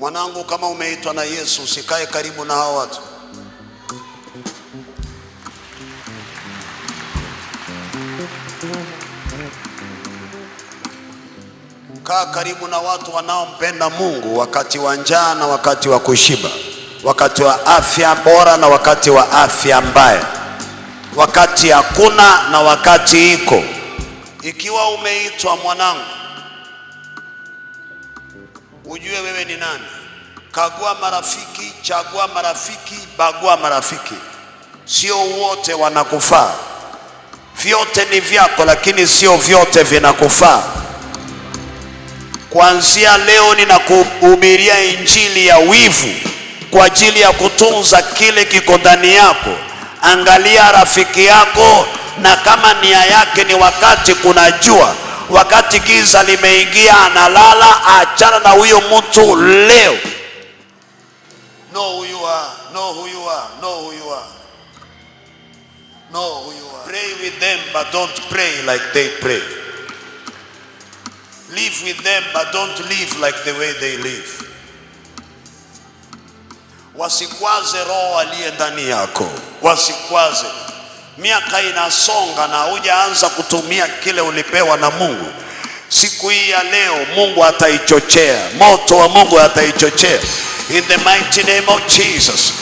Mwanangu, kama umeitwa na Yesu usikae karibu na hao watu. Kaa karibu na watu wanaompenda Mungu wakati wa njaa na wakati wa kushiba, wakati wa afya bora na wakati wa afya mbaya, wakati hakuna na wakati iko. Ikiwa umeitwa mwanangu ujue wewe ni nani. Kagua marafiki, chagua marafiki, bagua marafiki. Sio wote wanakufaa. Vyote ni vyako, lakini sio vyote vinakufaa. Kuanzia leo ninakuhubiria injili ya wivu kwa ajili ya kutunza kile kiko ndani yako. Angalia rafiki yako, na kama nia yake ni wakati kuna jua wakati giza limeingia, analala. Achana na huyo mtu leo. Know who you are. Know who you are. Know who you are. Know who you are. Pray with them but don't pray like they pray. Live with them but don't live like the way they live. Wasikwaze roho aliye ndani yako, wasikwaze miaka inasonga na hujaanza kutumia kile ulipewa na Mungu, siku hii ya leo Mungu ataichochea, moto wa Mungu ataichochea in the mighty name of Jesus.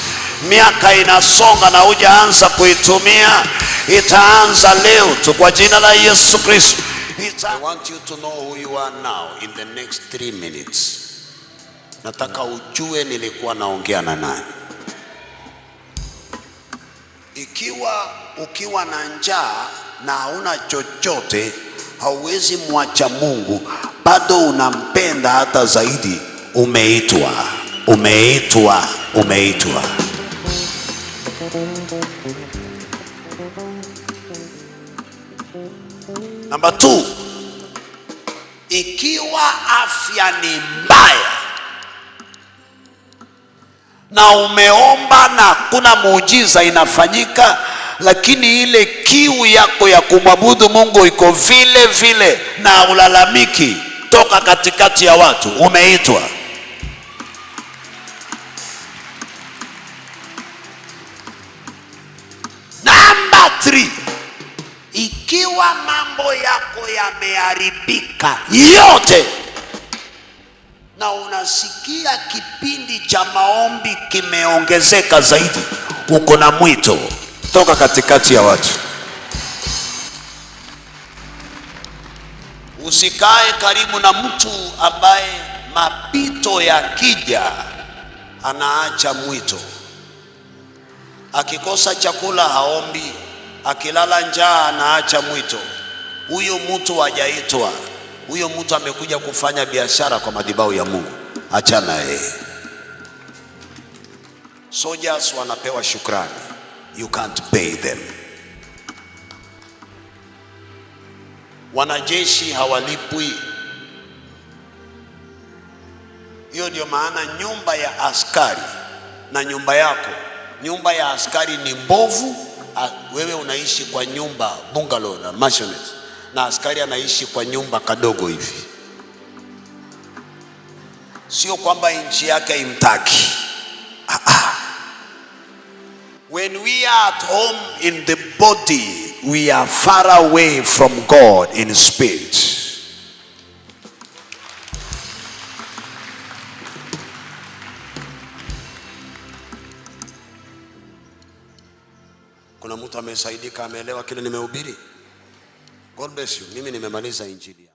Miaka inasonga na hujaanza kuitumia, itaanza leo tu kwa jina la Yesu Kristo. I want you to know who you are now in the next 3 minutes. Nataka ujue nilikuwa naongea na nani. Ikiwa ukiwa na njaa na hauna chochote, hauwezi mwacha Mungu, bado unampenda hata zaidi. Umeitwa, umeitwa, umeitwa. Namba 2, ikiwa afya ni mbaya na umeomba na hakuna muujiza inafanyika, lakini ile kiu yako ya kumwabudu Mungu iko vile vile na ulalamiki, toka katikati ya watu umeitwa. Namba 3, ikiwa mambo yako yameharibika yote na unasikia kipindi cha maombi kimeongezeka zaidi, uko na mwito toka katikati ya watu. Usikae karibu na mtu ambaye mapito yakija anaacha mwito. Akikosa chakula haombi, akilala njaa anaacha mwito. Huyo mtu hajaitwa huyo mtu amekuja kufanya biashara kwa madhabahu ya Mungu, achana yeye. Soldiers wanapewa shukrani, you can't pay them. Wanajeshi hawalipwi. Hiyo ndio maana nyumba ya askari na nyumba yako, nyumba ya askari ni mbovu, ah, wewe unaishi kwa nyumba bungalow na mansion na askari anaishi kwa nyumba kadogo hivi. Sio kwamba nchi yake imtaki. Ah, ah. When we are at home in the body, we are far away from God in spirit. Kuna mtu amesaidika, ameelewa kile nimehubiri? God bless you. Mimi nimemaliza injili.